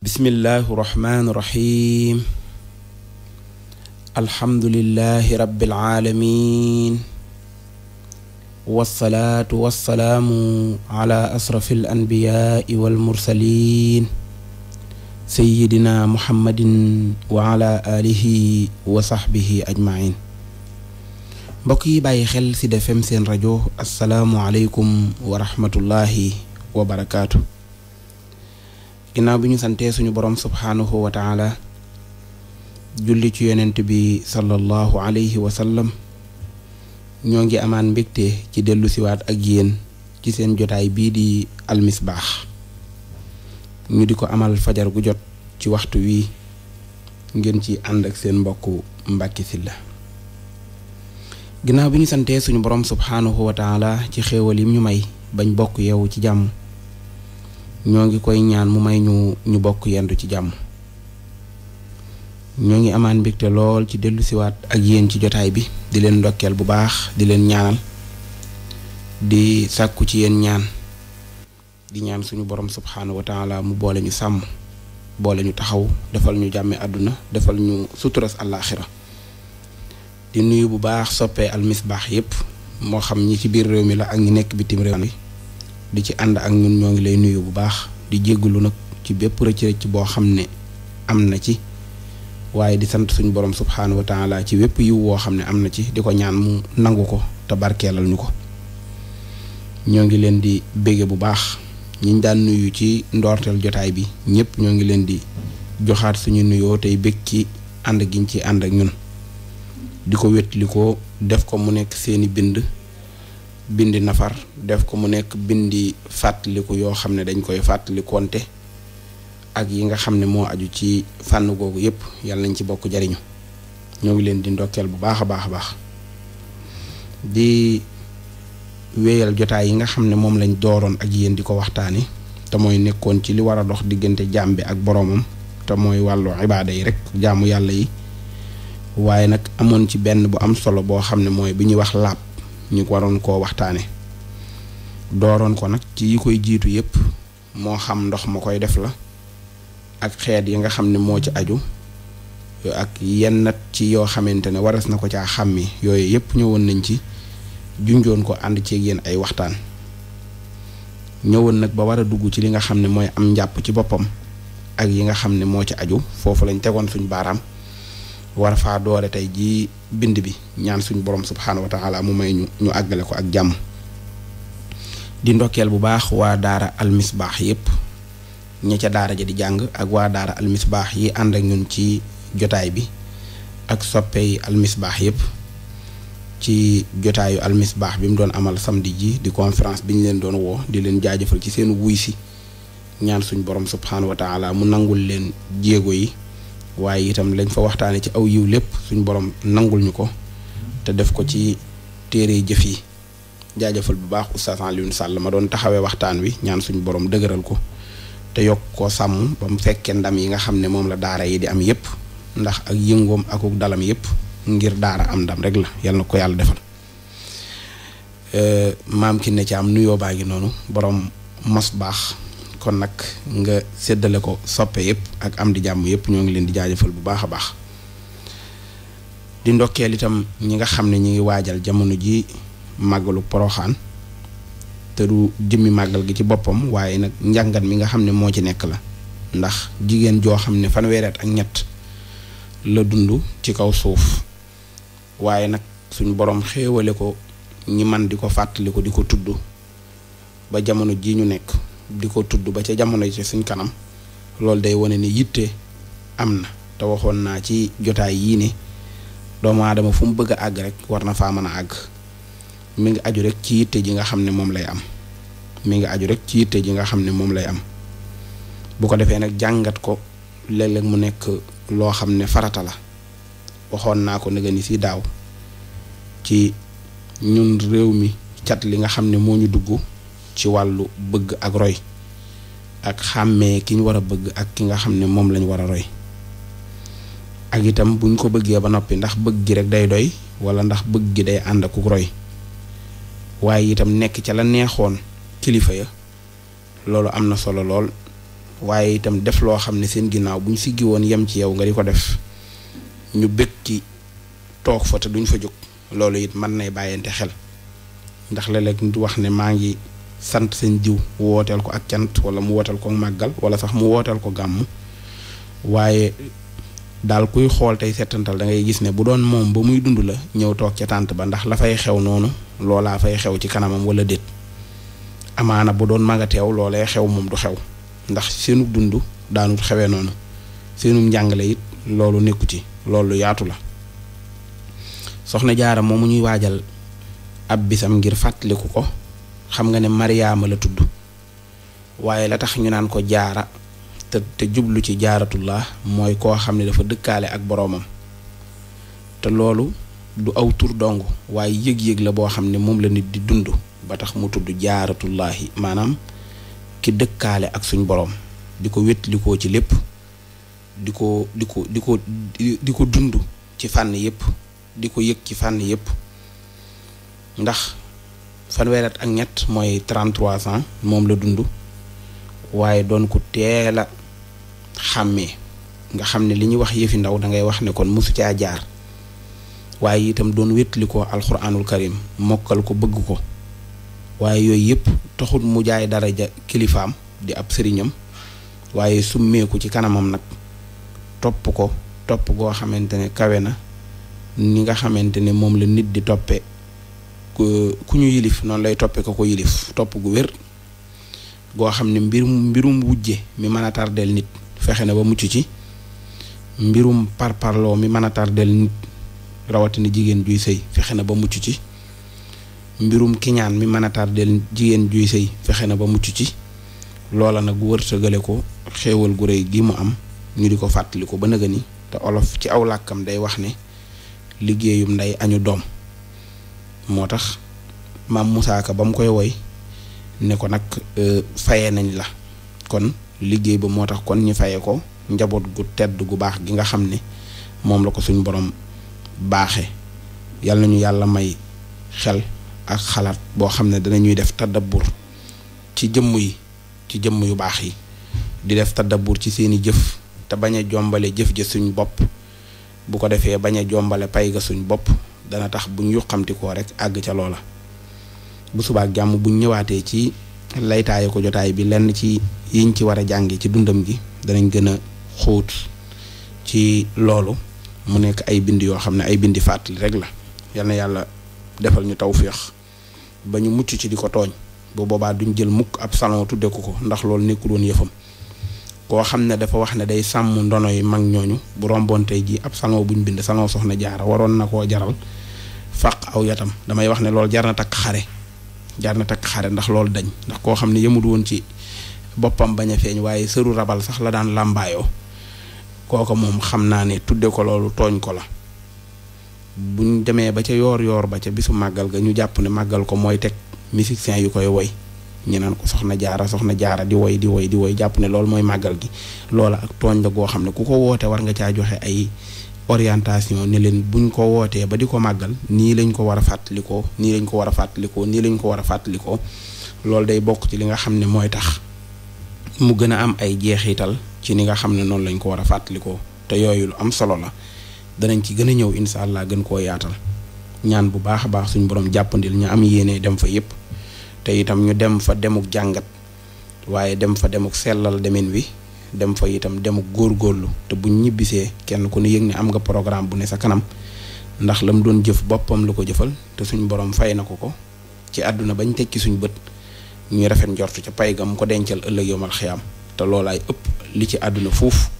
bismillaahi rahmaani rahiim alhamdulillaahi rabbil aalamiin wassalaatu wassalaamu ala asrafil anbiyaai wal mursaliin sayyidina muhammadin wa ala aalihi wa saxbihi ajmain mbokk yi bàyyi xel ci Sud FM seen rajo asalaamualeykum wa rahmatullahi wa barakaatu. ginnaaw bi ñu santee suñu borom subhaanahu wa taala julli ci yonent bi sallallahu alayhi wa sallam ñoo ngi amaan mbégte ci dellu siwaat ak yéen ci seen jotaay bii di almisbaax ñu di ko amal fajar gu jot ci waxtu wi ngeen ci ànd ak seen mbokk Mbàkke Sylla ginnaaw bi ñu santee suñu borom subhaanahu wa taala ci xéewal yi ñu may bañ bokk yeewu ci jàmm ñoo ngi koy ñaan mu may ñu ñu bokk yendu ci jàmm ñoo ngi amaan mbégte lool ci dellusiwaat ak yéen ci jotaay bi di leen ndokkeel bu baax di leen ñaanal di sàkku ci yéen ñaan di ñaan suñu borom subxanahu wa taala mu boole ñu sàmm boole ñu taxaw defal ñu jàmme àdduna defal ñu suturas àllaaxira di nuyu bu baax soppee almisbaax yépp moo xam ñi ci biir réew mi la ak ñi nekk bitim réew mi. di ci ànd ak ñun ñoo ngi lay nuyu bu baax di jéggulu nag ci bépp rëcc-rëcc boo xam ne am na ci waaye di sant suñu borom subxanahu wa taala ci wépp yiw woo xam ne am na ci di ko ñaan mu nangu ko te barkeelal ñu ko ñoo ngi leen di bége bu baax ñiñ daan nuyu ci ndoorteel jotaay bi ñëpp ñoo ngi leen di joxaat suñu nuyoo tey bég ci ànd giñ ci ànd ak ñun di ko wétli ko def ko mu nekk seeni bind bindi nafar def ko mu nekk bindi fàttaliku yoo xam ne dañ koy fàttalikonte ak yi nga xam ne moo aju ci fànn googu yépp yàlla nañ ci bokk jariñu ñoo ngi leen di ndokkeel bu baax a baax a baax di wéyal jotaay yi nga xam ne moom lañ dooroon ak yéen di ko waxtaane te mooy nekkoon ci li war a dox diggante jaam bi ak boroomam te mooy wàllu ibaada yi rek jaamu yàlla yi waaye nag amoon ci benn bu am solo boo xam ne mooy bi ñuy wax laab ñu waroon koo waxtaane dooroon ko nag ci yi koy jiitu yépp moo xam ndox ma koy def la ak xeet yi nga xam ne moo ci aju ak yennat ci yoo xamante ne waras na ko caa xàmmi yooyu yépp ñëwoon nañ ci junjoon ko ànd ceeg yéen ay waxtaan ñëwoon nag ba war a dugg ci li nga xam ne mooy am njàpp ci boppam ak yi nga xam ne moo ci aju foofu lañ tegoon suñ baaraam war faa doore tey jii bind bi ñaan suñu borom subhaanahu wa mu may ñu àggale ko ak jàmm di ndokkeel bu baax waa daara almisbaax yépp ñi ca daara ja di jàng ak waa daara almisbaax yi ànd ak ñun ci jotaay bi ak soppey almisbaax yépp ci jotaayu almisbaax bi mu doon amal samedi ji di conférence bi ñu leen doon woo di leen jaajëfal ci seen wuy si ñaan suñ borom subhaanahu wa taala mu nangul leen jéego yi waaye itam lañ fa waxtaanee ci aw yiw lépp suñ borom nangul ñu ko te def ko ci téere jëf yi jaajëfal bu baax oustaz Alioune Sall ma doon taxawee waxtaan wi ñaan suñu borom dëgëral ko te yokk koo sàmm ba mu fekkee ndam yi nga xam ne moom la daara yi di am yépp ndax ak yëngoom akuk dalam yépp ngir daara am ndam rek la yal na ko yàlla defal euh, maam ki ne ci am nuyoo baa ngi noonu borom mos baax kon nag nga seddale ko soppe yëpp ak am di jàmm yëpp ñoo ngi leen di jaajëfal bu baax a baax di ndokkeel itam ñi nga xam ne ñi ngi waajal jamono ji màggalu poroxaan te du jëmmi màggal gi ci boppam waaye nag njàngat mi nga xam ne moo ci nekk la ndax jigéen joo xam ne fanweereet ak ñett la dund ci kaw suuf waaye nag suñ borom xéewale ko ñi man di ko fàttali ko di ko tudd ba jamono ji ñu nekk di ko tudd ba ca jamono ci suñ kanam loolu day wane ni yitte am na te waxoon naa ci jotaay yii ne doomu aadama fu mu bëgg a àgg rek war na faa mën a àgg mi ngi aju rek ci yitte ji nga xam ne moom lay am mi ngi aju rek ci ji nga xam ne moom lay am bu ko defee nag jàngat ko léeg mu nekk loo xam ne farata la waxoon naa ko nga si daaw ci ñun réew mi cat li nga xam ne moo ñu dugg ci wàllu bëgg ak roy ak xàmmee kiñ ñu war a bëgg ak ki nga xam ne moom lañ war a roy ak itam buñ ko bëggee ba noppi ndax bëgg gi rek day doy wala ndax bëgg gi day ànd ak roy waaye itam nekk ca la neexoon kilifa ya loolu am na solo lool waaye itam def loo xam ne seen ginnaaw buñ siggi woon yem ci yow nga di ko def ñu bëgg ci toog fa te duñ fa jóg loolu it mën nay bàyyante xel ndax léeg-léeg nit wax ne maa ngi sant seen jiw wooteel ko ak cant wala mu wooteel ko màggal wala sax mu wooteel ko gàmm waaye daal kuy xool tey settantal da ngay gis ne bu doon moom ba muy dund la ñëw toog ca tànt ba ndax la fay xew noonu loolaa fay xew ci kanamam walla déet amaana bu doon maga teew loolee xew moom du xew ndax seenu dund daanut xewee noonu seenu njàngale it loolu nekku ci loolu yaatu la soxna jaara moomu ñuy waajal ab bisam ngir fàttaliku ko xam nga ne Mariyaama la tudd waaye la tax ñu naan ko jaara te te jublu ci jaaratullah mooy koo xam ne dafa dëkkaale ak boroomam te loolu du aw tur dong waaye yëg-yëg la boo xam ne moom la nit di dund ba tax mu tudd jaaratullaahi maanaam ki dëkkaale ak suñ boroom di ko wétlikoo ci lépp di ko di ko di ko di ko dund ci fànn yépp di ko yëg ci fànn yépp ndax fanweeri ak ñett mooy 33 ans moom la dund waaye doon ku teela xàmmee nga xam ne li ñuy wax yëfi ndaw da ngay wax ne kon mosu caa jaar waaye itam doon wétli ko alxuraanul karim mokkal ko bëgg ko waaye yooyu yëpp taxul mu jaay dara ja kilifaam di ab sëriñam waaye summeeku ci kanamam nag topp ko topp goo xamante ne kawe na ni nga xamante ne moom la nit di toppe ku ñu yilif noonu lay toppee ko ko yilif topp gu wér goo xam ne mbir mbirum wujje mi mën a tardeel nit fexe na ba mucc ci mbirum parparloo mi mën a tardeel rawatina jigéen juy sëy fexe na ba mucc ci mbirum kiñaan mi mën a tardeel jigéen juy sëy fexe na ba mucc ci loola nag wërsëgale ko xéewal gu rëy gi mu am ñu di ko fàttali ko ba nëga ni te olof ci aw làkkam day wax ne liggéeyum ndey añu doom moo tax maam Moussa Ka ba mu koy woy ne ko nag euh, fayee nañ la kon liggéey ba moo tax kon ñu fayee ko njaboot gu tedd gu baax gi nga xam ne moom la ko suñu borom baaxee yàlla nañu yàlla may xel ak xalaat boo xam ne danañuy def tadabbur ci jëmm yi ci jëmm yu baax yi di def tadabbur ci seeni jëf te bañ a jombale jëf ja suñ bopp bu ko defee bañ jombale pay ga suñ bopp dana tax buñ yuqamti koo rek àgg ca loola bu subaak jàmm buñ ñëwaatee ci laytaaye ko jotaay bi lenn ci yiñ ci war a jànge ci dundam gi danañ gën a xóot ci loolu mu nekk ay bind yoo xam ne ay bindi fàttali rek la yal yàlla defal ñu tawféex ba ñu mucc ci di ko tooñ bu boobaa duñ jël mukk ab salon tudde ko ko ndax lool nekkul woon yëfam koo xam ne dafa wax ne day sàmm ndono yi mag ñooñu bu rombon tey ji ab salon buñ bind salon soxna jaara waroon na koo jaral fàq aw yatam damay wax ne loolu jar na takk xare jar na takk xare ndax lool dañ ndax koo xam ne yëmul woon ci boppam bañ a feeñ waaye sëru rabal sax la daan làmbaayoo kooka moom xam naa ne tudde ko loolu tooñ ko la bu buñ demee ba ca yoor yoor ba ca bisu màggal ga ñu jàpp ne màggal ko mooy teg musiciens yu koy woy ñu naan ko soxna jaara soxna jaara di woy di woy di woy jàpp ne loolu mooy màggal gi loola ak tooñ la goo xam ne ku ko woote war nga caa joxe ay orientation ne leen buñ ko wootee ba di ko màggal nii lañ ko war a fàttalikoo nii lañ ko war a fàttalikoo nii lañ ko war a fàttalikoo loolu day bokk ci li nga xam ne mooy tax mu gën a am ay jeexital ci ni nga xam ne noonu lañ ko war a fàttalikoo te yooyu lu am solo la danañ ci gën a ñëw incha allah gën koo yaatal ñaan bu baax a baax suñ borom jàppandil ñu am yéene dem fa yépp te itam ñu dem fa demuk jàngat waaye dem fa demuk sellal demin wi dem fa itam demu góor góorlu te buñ ñibbisee kenn ku ne yëg ne am nga programme bu ne sa kanam ndax la mu doon jëf boppam lu ko jëfal te suñ borom fay na ko ko ci àdduna bañ tekki suñ bët ñuy rafet njortu ca pay ga mu ko dencal ëllëg yowmal xiyaam te loolaay ëpp li ci àdduna fuuf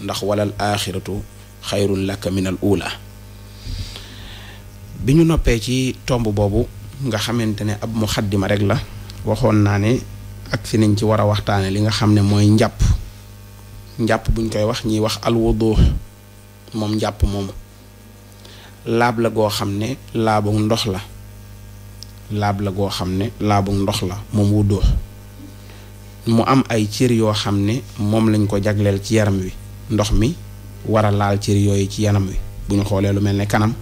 ndax walal aaxiratu xayrun laka minal uula bi ñu noppee ci tomb boobu nga xamante ne ab muxaddima rek la waxoon naa ne ak nañ ci war a waxtaane li nga xam ne mooy njàpp njàpp buñ koy wax ñiy wax alwudu moom njàpp moom laab la goo xam ne laabu ndox la laab goo xam ne laabu ndox la moom wudu mu am ay cër yoo xam ne moom lañ ko jagleel ci yaram wi ndox mi waral a laal cër yooyu ci yaram wi bu ñu xoolee lu mel ne kanam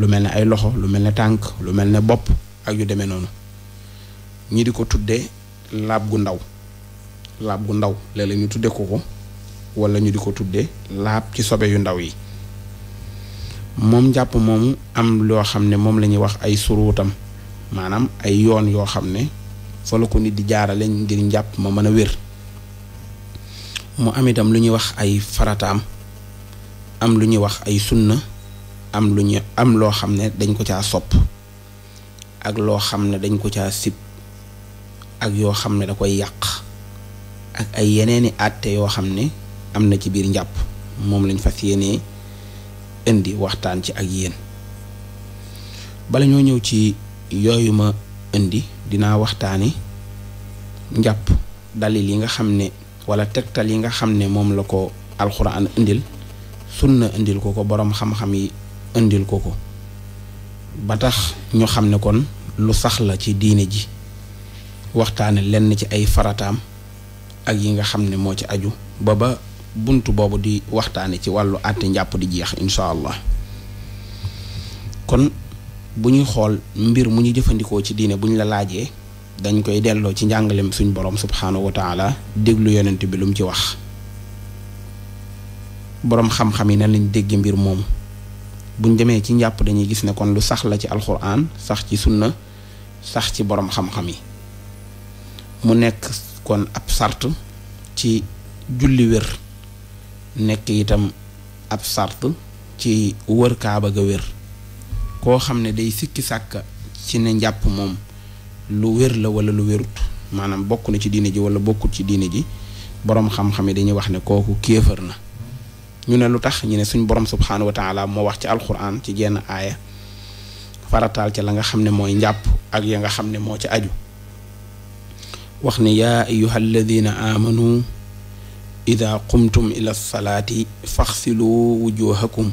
lu mel ne ay loxo lu mel ne tànk lu mel ne bopp ak yu demee noonu ñi di ko tuddee laab gu ndaw laab gu ndaw léeg-léeg tudde ko ko wala ñu di ko tuddee laab ci sobe yu ndaw yi moom njàpp moomu am loo xam ne moom la ñuy wax ay suruutam maanaam ay yoon yoo xam ne fa la ko nit di jaarale ngir njàpp ma mën a wér mu am itam lu ñuy wax ay farataam am lu ñuy wax ay sunna am lu ñu am loo xam ne dañ ko caa sopp ak loo xam ne dañ ko caa sib ak yoo xam ne da koy yàq ak ay yeneeni àtte yoo xam ne am na ci biir njàpp moom lañu fas yéenee indi waxtaan ci ak yéen bala ñoo ñëw ci yooyu ma indi dinaa waxtaani njàpp dalil yi nga xam ne wala tegtal yi nga xam ne moom la ko alxuraan indil sun sunna indil ko ko boroom xam-xam yi indil ko ko ba tax ñu xam ne kon lu sax la ci diine ji waxtaane lenn ci ay farataam ak yi nga xam ne moo ci aju ba ba bunt boobu di waxtaane ci wàllu àtte njàpp di jeex incha allah kon bu ñuy xool mbir mu ñu jëfandikoo ci diine buñ la laajee dañ koy delloo ci njàngalem suñ borom subhaanahu wa taala déglu yonent bi lu mu ci wax boroom xam-xam yi ne lañ dégg mbir moom buñ demee ci njàpp dañuy gis ne kon lu sax la ci alxuraan sax ci sunna sax ci boroom xam-xam yi mu nekk kon ab sart ci julli wér nekk itam ab sart ci wër kaaba ga wér koo xam ne day sikki sàkka ci ne njàpp moom lu wér la wala lu wérut maanaam bokk na ci diine ji wala bokkut ci diine ji boroom xam-xam yi dañuy wax ne kooku kéefër na ñu ne lu tax ñu ne suñ borom subxanahu moo wax ci alxuraan ci genn aaya farataal ci la nga xam ne mooy njàpp ak ya nga xam ne moo ci aju wax ne yaa ayyuha alladina amanu ida qumtum ila salaati faxsilu wujuhakum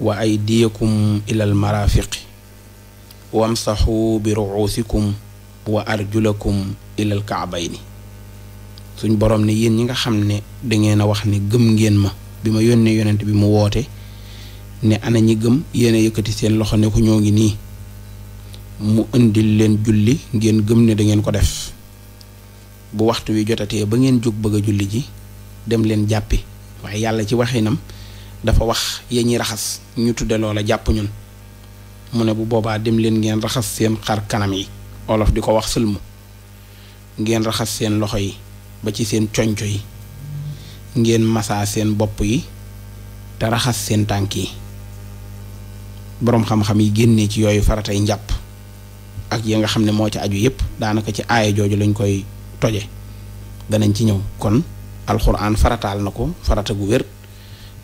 wa aydiyakum ila almarafiqi wamsaxu bi ruusikum wa arjulakum ila alkaabayni suñ boroom ne yéen ñi nga xam ne dangeen a wax ne gëm ngeen ma bi ma yónnee yonent bi mu woote ne ana ñi gëm yéen a yëkkati seen loxo ne ñoo ngi nii mu indil leen julli ngeen gëm ne dangeen ko def bu waxtu wi jotatee ba ngeen jóg bëgg a julli ji dem leen jàppi waaye yàlla ci waxinam dafa wax ya ñuy raxas ñu tudde loola jàpp ñun mu ne bu boobaa dem leen ngeen raxas seen xar kanam yi olof di ko wax sëlmu ngeen raxas seen loxo yi ba ci seen coñco yi ngeen masaa seen bopp yi te raxas seen tànk yi boroom xam-xam yi génnee ci yooyu faratay njàpp ak yi nga xam ne moo ci aju yépp daanaka ci aaya jooju lañ koy toje danañ ci ñëw kon alxuraan farataal na ko farata gu wér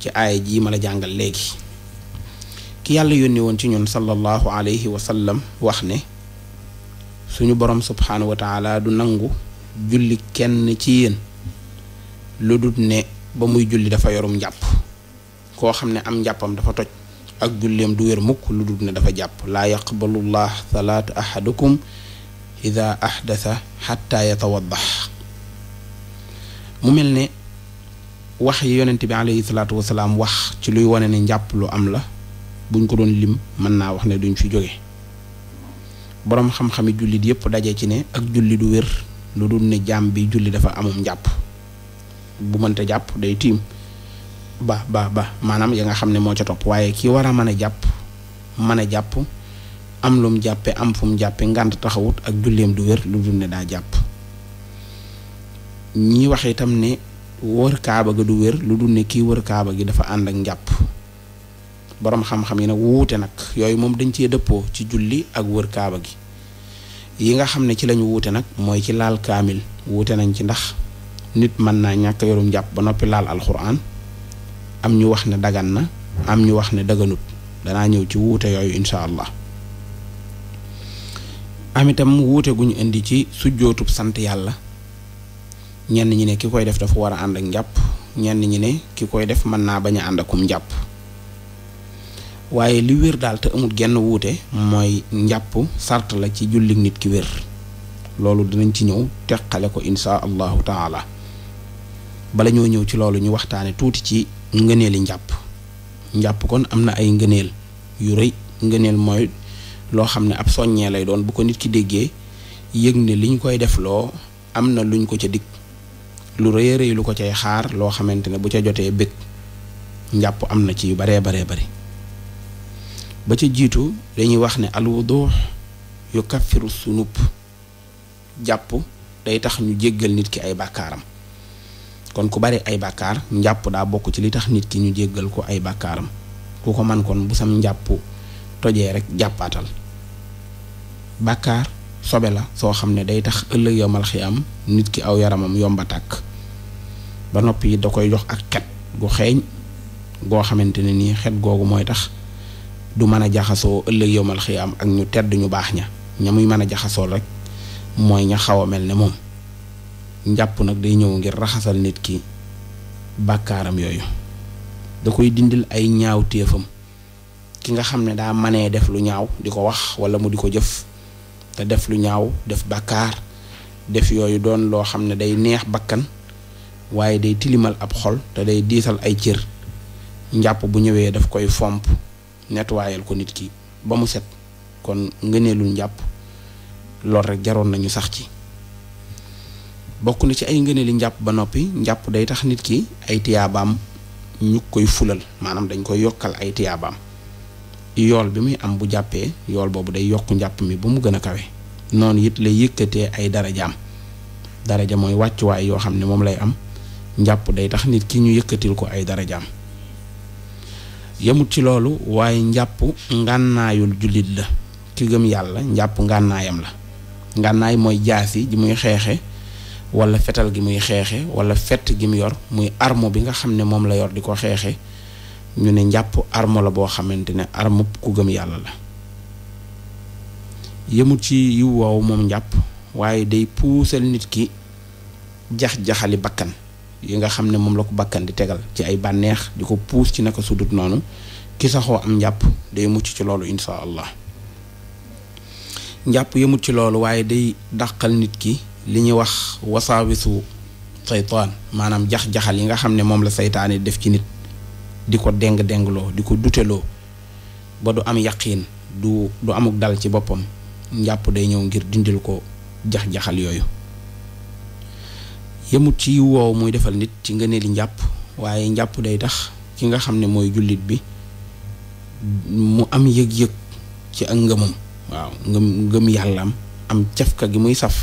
ci aaya jii ma la jàngal léegi ki yàlla yónni woon ci ñun sallallahu alayhi wa sallam wax ne suñu borom subxanahu wa du nangu julli kenn ci yéen lu ne ba muy julli dafa yorum njàpp koo xam ne am njàppam dafa toj ak julleem du wér mukk lu ne dafa jàpp la yaqbalu llah salaata ahadukum ida ahdasa xatta yatawaddax mu mel ne wax yi yonent bi alayhi salaatu wasalaam wax ci luy wane ne njàpp lu am la buñ ko doon lim mën naa wax ne duñ fi jóge boroom xam-xami jullit yépp daje ci ne ak julli du wér lu dul ne jaam bi julli dafa amum njàpp bu mënta jàpp day tiim ba ba ba maanaam ya nga xam ne moo ca topp waaye kii war a mën a jàpp mën a jàpp am lum jàppe am fu mu jàppe ngànt taxawut ak julleem du wér lu dul ne daa jàpp ñi wax tam ne wër kaaba ga du wér lu dul ne kii wër kaaba gi dafa ànd ak njàpp boroom xam-xam yi ne wuute nag yooyu moom dañ cee dëppoo ci julli ak wër kaaba gi yi nga xam ne ci lañu wuute nag mooy ci laal kaamil wuute nañ ci ndax nit mën naa ñàkk yorum njàpp ba noppi laal alxuraan am ñu wax ne dagan na am ñu wax ne daganut danaa ñëw ci wuute yooyu incha allah amitam itam wuute gu ñu indi ci sujjootub sant yàlla ñenn ñi ne ki koy def dafa war a ànd ak njàpp ñenn ñi ne ki koy def mën naa bañ a ànd akum njàpp waaye li wér daal te amul genn wuute mooy njàpp sart la ci julli nit ki wér loolu dinañ ci ñëw teqale ko insha allahu taala bala ñoo ñëw ci loolu ñu waxtaane tuuti ci ngëneeli njàpp njàpp kon am na ay ngëneel yu rëy ngëneel mooy loo xam ne ab soññee lay doon bu ko nit ki déggee yëg ne liñ koy def loo am na luñ ko ca dikk lu rëy a lu ko cay xaar loo xamante ne bu ca jotee bëgg njàpp am na ci yu baree baree bari ba ca jiitu dañuy wax ne alwudu yu kaffiru sunub jàpp day tax ñu jéggal nit ki ay bakkaaram kon ku bari ay bàkkaar njàpp daa bokk ci li tax nit ki ñu jéggal ko ay bakkaaram ku ko man kon bu sam njàpp tojee rek jàppaatal bàkkaar sobe la soo xam ne day tax ëllëg yomal xiyam nit ki aw yaramam yomba tàkk ba noppi da koy jox ak xet gu xeeñ goo xamante ne nii xet googu mooy tax du mën a jaxasoo ëllëg yowmal am ak ñu tedd ñu baax ña ña muy mën a jaxasoo rek mooy ña xaw a mel ne moom njàpp nag day ñëw ngir raxasal nit ki bàkkaaram yooyu da koy dindil ay ñaaw téefam ki nga xam ne daa manee def lu ñaaw di ko wax wala mu di ko jëf te def lu ñaaw def bàkkaar def yooyu doon loo xam ne day neex bàkkan waaye day tilimal ab xol te day diisal ay cër njàpp bu ñëwee daf koy fomp netwaayal ko nit ki ba mu set kon ngëneelul njàpp lool rek jaroon nañu sax ci bokk na ci ay ngëneeli njàpp ba noppi njàpp day tax nit ki ay tiyaabaam ñu koy fulal maanaam dañ koy yokkal ay tiyaabaam yool bi muy am bu jàppee yool boobu day yokk njàpp mi ba mu gën a kawe noonu it lay yëkkatee ay darajaam daraja mooy wàccuwaay yoo xam ne moom lay am njàpp day tax nit ki ñu yëkkatil ko ay darajaam yemut ci loolu waaye njàpp ngànnaayul jullit la ki gëm yàlla njàpp ngànnaayam la ngànnaay mooy jaasi ji muy xeexe wala fetal gi muy xeexe wala fett gi mu yor muy arme bi nga xam ne moom la yor di ko xeexe ñu ne njàpp arme la boo xamante ne arme ku gëm yàlla la yemut ci yiw woowu moom njàpp waaye day puusal nit ki jax-jaxali bakkan yi nga xam ne moom la ko bàkkan di tegal ci ay bànneex di ko puus ci naka sudut noonu ki saxoo am njàpp day mucc ci loolu insha allah njàpp yemut ci loolu waaye day dàqal nit ki li ñuy wax wasaawisu saytaan maanaam jax-jaxal yi nga xam ne moom la seytaane def ci nit di ko déng-déngloo di ko duteloo ba du am yaqiin du du amuk dal ci boppam njàpp day ñëw ngir dindil ko jax-jaxal yooyu yemut ci yiw woowu muy defal nit ci nga ne njàpp waaye njàpp day tax ki nga xam ne mooy jullit bi mu am yëg-yëg ci ak ngëmam waaw ngëm ngëm yàlla am cafka gi muy saf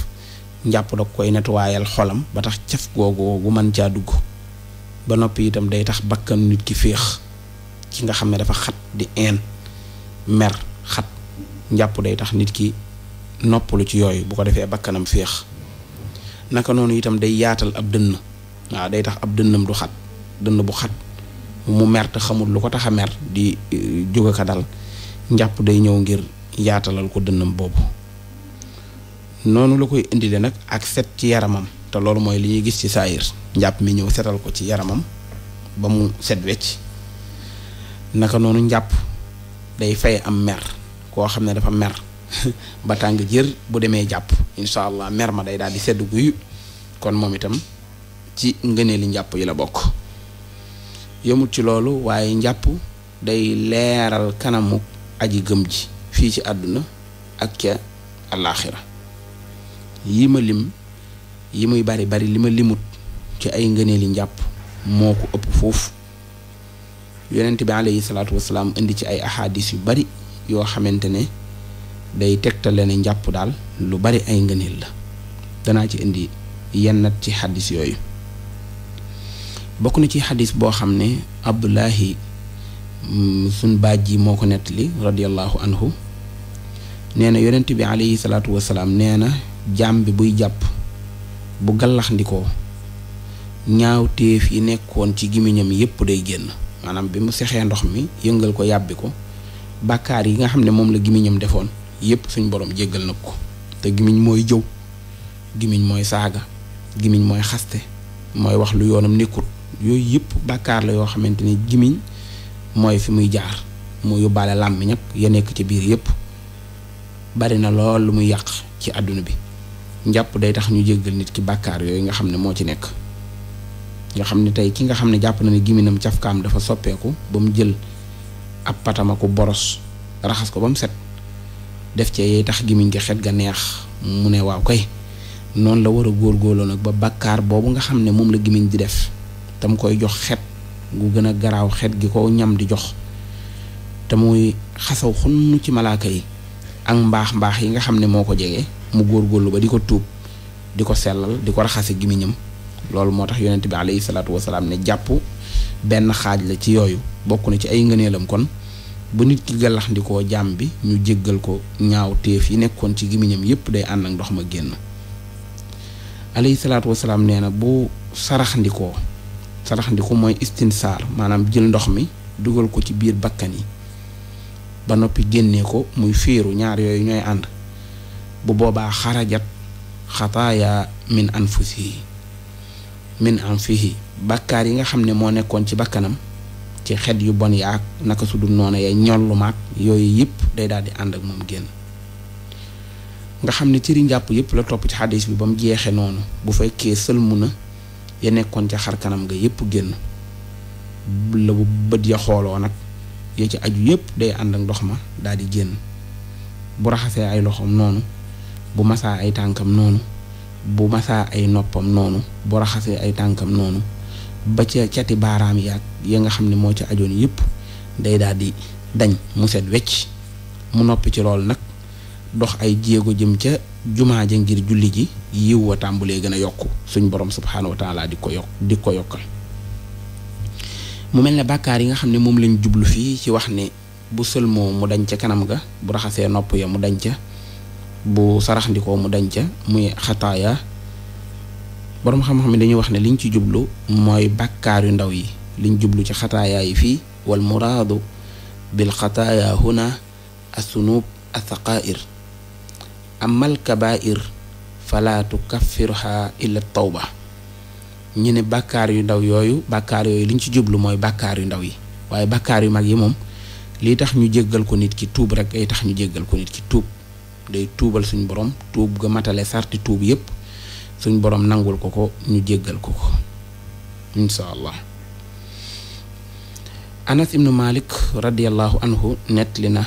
njàpp da koy netwaayal xolam ba tax caf googu gu mën caa dugg ba noppi itam day tax bakkan nit ki féex ki nga xam ne dafa xat di een mer xat njàpp day tax nit ki noppalu ci yooyu bu ko defee bakkanam féex naka noonu itam day yaatal ab dënn waaw day tax ab dënnam du xat dënn bu xat mu mer te xamul lu ko tax a mer di eh, jóg ka dal njàpp day ñëw ngir yaatalal ko dënnam boobu noonu la koy indile nag ak set ci yaramam te loolu mooy li ñuy gis ci saayir njàpp mi ñëw setal ko ci yaramam ba mu set wecc naka noonu njàpp day fay am mer koo xam ne dafa mer ba tàng jër bu demee jàpp incha allah merma ma day daal di sedd guy kon moom itam ci ngëneeli njàpp yi la bokk yëmut ci loolu waaye njàpp day leeral kanamu aji gëm ji fii ci àdduna ak ca àllaaxira yi ma lim yi muy bari bari li ma limut ci ay ngëneeli njàpp moo ko ëpp foofu yonent bi alayhi salaatu wasalaam indi ci ay ahadis yu bari yoo xamante ne day tegtale ne njàpp daal lu bari ay ngëneel la danaa ci indi yennat ci xaddis yooyu bokk na ci xaddis boo xam ne Abdullahi mm, sun baaj yi moo ko nettali radiyallahu anhu nee na yonent bi alayhi salaatu wasalaam nee na jaam bi buy jàpp bu gallaxndikoo ñaaw téef yi nekkoon ci gimiñam yépp day génn maanaam bi mu sexee ndox mi yëngal ko yàbbi ko bàkkaar yi nga xam ne moom la gimiñam defoon yépp suñ borom jéggal na ko te gimiñ mooy jëw gimiñ mooy saaga gimiñ mooy xaste mooy wax lu yoonam nekkut yooyu yëpp bàkkaar la yoo xamante ni gimiñ mooy fi muy jaar mu yóbbaale làmmiñ ya nekk ci biir yëpp bari na lool lu muy yàq ci àdduna bi njàpp day tax ñu jéggal nit ki bàkkaar yooyu nga xam ne moo ci nekk nga xam ne tey ki nga xam ne jàpp na ne giminam cafkaam dafa soppeeku ba mu jël ab patama boros raxas ko ba mu set def cee tax gimiñ gi xet ga neex mu ne waaw koy noonu la war a góorgóorloo nag ba bàkkaar boobu nga xam ne moom la gimiñ di def tam koy jox xet gu gën a garaaw xet gi ko ñam di jox te muy xasaw xunn ci malaaka yi ak mbaax mbaax yi nga xam ne moo ko jege mu góor góorlu ba di ko tuub di ko sellal di ko raxase gimiñam loolu moo tax yonent bi alayhi salaatu wasalaam ne jàpp benn xaaj la ci yooyu bokk na ci ay ngëneelam kon bu nit ki gàllaxndikoo jaam bi ñu jéggal ko ñaaw téef yi nekkoon ci gémmiñam yépp day ànd ak ndox ma génn alayhi salaatu wasalaam nee na bu saraxndikoo saraxndiku mooy istinsaar maanaam jël ndox mi dugal ko ci biir bakkan yi ba noppi génnee ko muy fiiru ñaar yooyu ñooy ànd bu boobaa xarajat xataaya min anfusihi min anfihi bàkkaar yi nga xam ne moo nekkoon ci bakkanam ci xet yu bon yaak naka su dul noonu ya ñollu maak yooyu yëpp day daal di ànd ak moom génn nga xam ne cëri njàpp yëpp la topp ci xadis bi ba mu jeexee noonu bu fekkee sëlmu na ya nekkoon ca xar kanam nga yëpp génn la bu bët ya xooloo nag ya ci aju yëpp day ànd ak ndox ma daal di génn bu raxasee ay loxoom noonu bu masaa ay tànkam noonu bu masaa ay noppam noonu bu raxasee ay tànkam noonu ba ca cati baaraam yaag ya nga xam ne moo ca ajoon yëpp day daal dañ mu set wecc mu noppi ci loolu nag dox ay jéego jëm ca jumaa ja ngir julli ji yiw wa tàmbulee gën a yokk suñ borom subhaanahu wa taala di ko yokk di ko yokkal mu mel ni bàkkaar yi nga xam ne moom lañ jublu fii ci wax ni bu sëlmoo mu dañ ca kanam ga bu raxasee nopp ya mu dañ ca bu saraxndikoo mu dañ ca muy xataaya boroom xam-xam yi dañuy wax ne liñ ci jublu mooy bàkkaar yu ndaw yi liñ jublu ci xataayaa yi fii wal muraadu bil xataaya huna assunub athaqair amal kabair fala tukaffiruha illa tawba ñu ne bàkkaar yu ndaw yooyu bàkkaar yooyu liñ ci jublu mooy bàkkaar yu ndaw yi waaye bàkkaar yu mag yi moom lii tax ñu jéggal ko nit ki tuub rek ay tax ñu jéggal ko nit ki tuub day tuubal suñu borom tuub ga matale sarti tuub yépp suñ boroom nangul ko ko ñu jéggal ko ko insha allah anas ibnu malik radiallahu anhu nettali na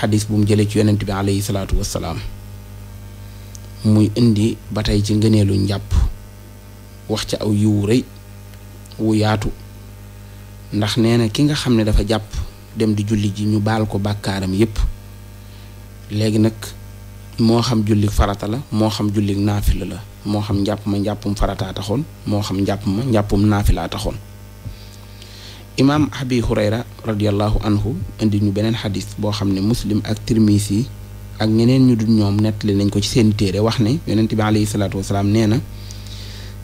xadis bu mu jëlee ci yonent bi alayhi salaatu wassalaam muy indi ba tey ci ngëneelu njàpp wax ca aw yiwu rëy wu yaatu ndax nee na ki nga xam ne dafa jàpp dem di julli ji ñu baal ko bàkkaaram yépp léegi nag moo xam julli farata la moo xam julli naafila la moo xam njàpp ma njàppum farataa taxoon moo xam njàpp ma njàppum naafilaa taxoon imaam abi hurayra radiallahu anhu indi ñu beneen xadis boo xam ne muslim ak yi ak ñeneen ñu dul ñoom nettali nañ ko ci seen téere wax ne yonent bi alayhi salaatu wasalaam nee na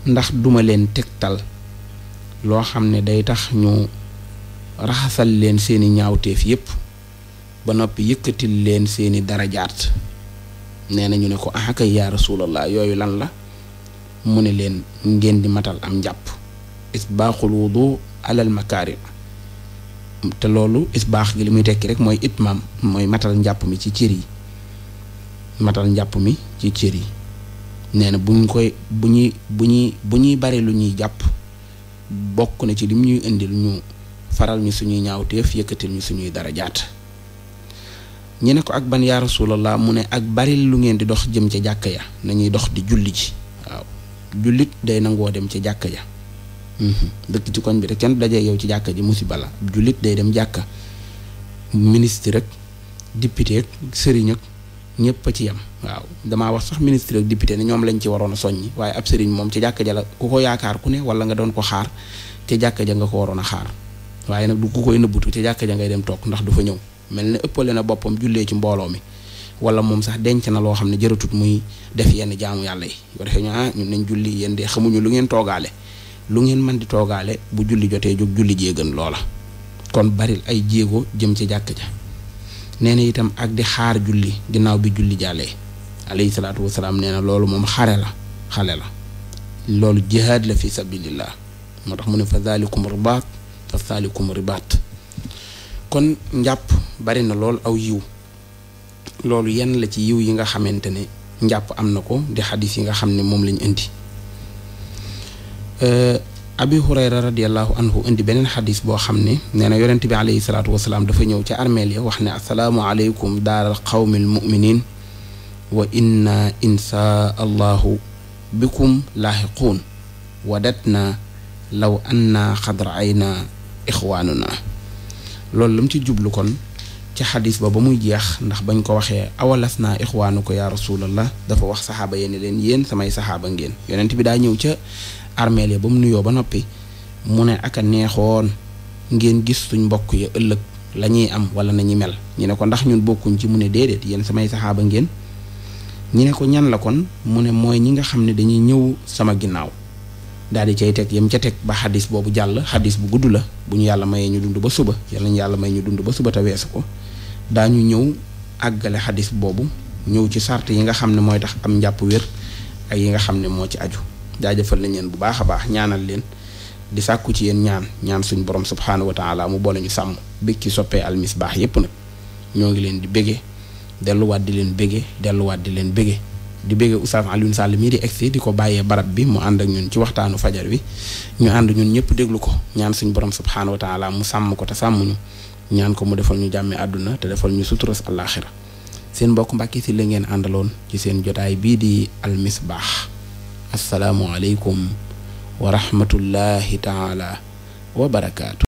ndax duma leen tegtal loo xam ne day tax ñu raxasal leen seeni ñaawteef yépp ba noppi yëkkatil leen seeni darajaat nee na ñu ne ko ah kay yaa rasulallah yooyu lan la mu ne leen ngeen di matal am njàpp isbaaxul wudu alal makaarim te loolu isbaax gi li muy tekki rek mooy itmaam mooy matal njàpp mi ci cër yi matal njàpp mi ci cër yi nee na bu ñu koy bu ñuy bu ñuy bu ñuy bari lu ñuy jàpp bokk na ci lim ñuy indil ñu faral ñu suñuy ñaawteef yëkkatil ñu suñuy darajaat ñi ne ko ak ban yaa rasulallah mu ne ak bari lu ngeen di dox jëm ca jàkk ya nañuy dox di julli ji waaw jullit day nangoo dem ci jàkk ja mhm. dëkk ci koñ bi rek kenn dajee yow ci jàkk ji musiba la jullit day dem jàkka ministre rek député ak ak ñëpp a ci yem damaa wax sax ministre ak député ne ñoom lañ ci waroon a soññi waaye ab moom ci jàkk ja la ku ko yaakaar ku ne wala nga doon ko xaar ca jàkk ja nga ko waroon a xaar waaye nag du ku koy nëbbutu ca jàkk ja ngay dem toog ndax du fa ñëw mel ne ëppale na boppam jullee ci mbooloo mi wala moom sax denc na loo xam ne jëratut muy def yenn jaamu yàlla yi bu defee ñu ah ñun nañ julli yéen de xamuñu lu ngeen toogaale lu ngeen mën di toogaale bu julli jotee jóg julli jee gën loola kon baril ay jéego jëm ci jàkk ja nee itam ak di xaar julli ginnaaw bi julli jàllee alayhi salaatu wasalaam nee na loolu moom xare la xale la loolu jihaad la fi sabilillah moo tax mu ne fa zaalikum ribaat fa zaalikum ribaat kon njàpp bari na lool aw yiw loolu yenn la ci yiw yi nga xamante ne njàpp am na ko di xadis yi nga xam ne moom lañ indi euh, abi hurayra radiallahu anhu indi beneen xadis boo xam ne nee na yonent bi alayhi salaatu wasalaam dafa ñëw ci armeel ya wax ne asalaamu aleykum daal qawmil muminin wa inna insha allahu bikum laaxiquun wadat na law anna xad raayna ixwaanuna loolu la mu ci jublu kon ci xadis ba ba muy jeex ndax bañ ko waxee awalas naa ixwaanu ko yaa rasulallah dafa wax saxaaba yéen leen yéen samay saxaaba ngeen yonent bi daa ñëw ca armeel ya ba mu nuyoo ba noppi mu ne aka neexoon ngeen gis suñ mbokk ya ëllëg la am wala nañu mel ñu ne ko ndax ñun bokkuñ ci mu ne déedéet yéen samay saxaaba ngeen ñu ne ko ñan la kon mu ne mooy ñi nga xam ne dañuy ñëw sama ginnaaw daal di cay teg yem ca teg ba xadis boobu jàll xadis bu gudd la bu ñu yàlla mayee ñu dund ba suba yal nañu may ñu dund ba suba te weesu ko daañu ñëw àggale xadis boobu ñëw ci sart yi nga xam ne mooy tax am njàpp wér ak yi nga xam ne moo ci aju jaajëfal nañ leen bu baax a baax ñaanal leen di sàkku ci yéen ñaan ñaan suñ borom subhaanahu wa taala mu boole ñu sàmm bég ci soppee Al baax yépp nag ñoo ngi leen di bége delluwaat di leen bége delluwaat di leen bége di bëggee Oustaz Alioune Sall mii di egsi di ko bàyyee barab bi mu ànd ak ñun ci waxtaanu fajar wi ñu ànd ñun ñëpp déglu ko ñaan suñu borom subhaanahu wa taala mu sàmm ko te sàmmuñu ñaan ko mu defal ñu jàmme àdduna te defal ñu suturas àllaaxira seen mbokk si la ngeen àndaloon ci seen jotaay bii di almisbaax asalaamualeykum wa rahmatullahi taala wa barakaatu.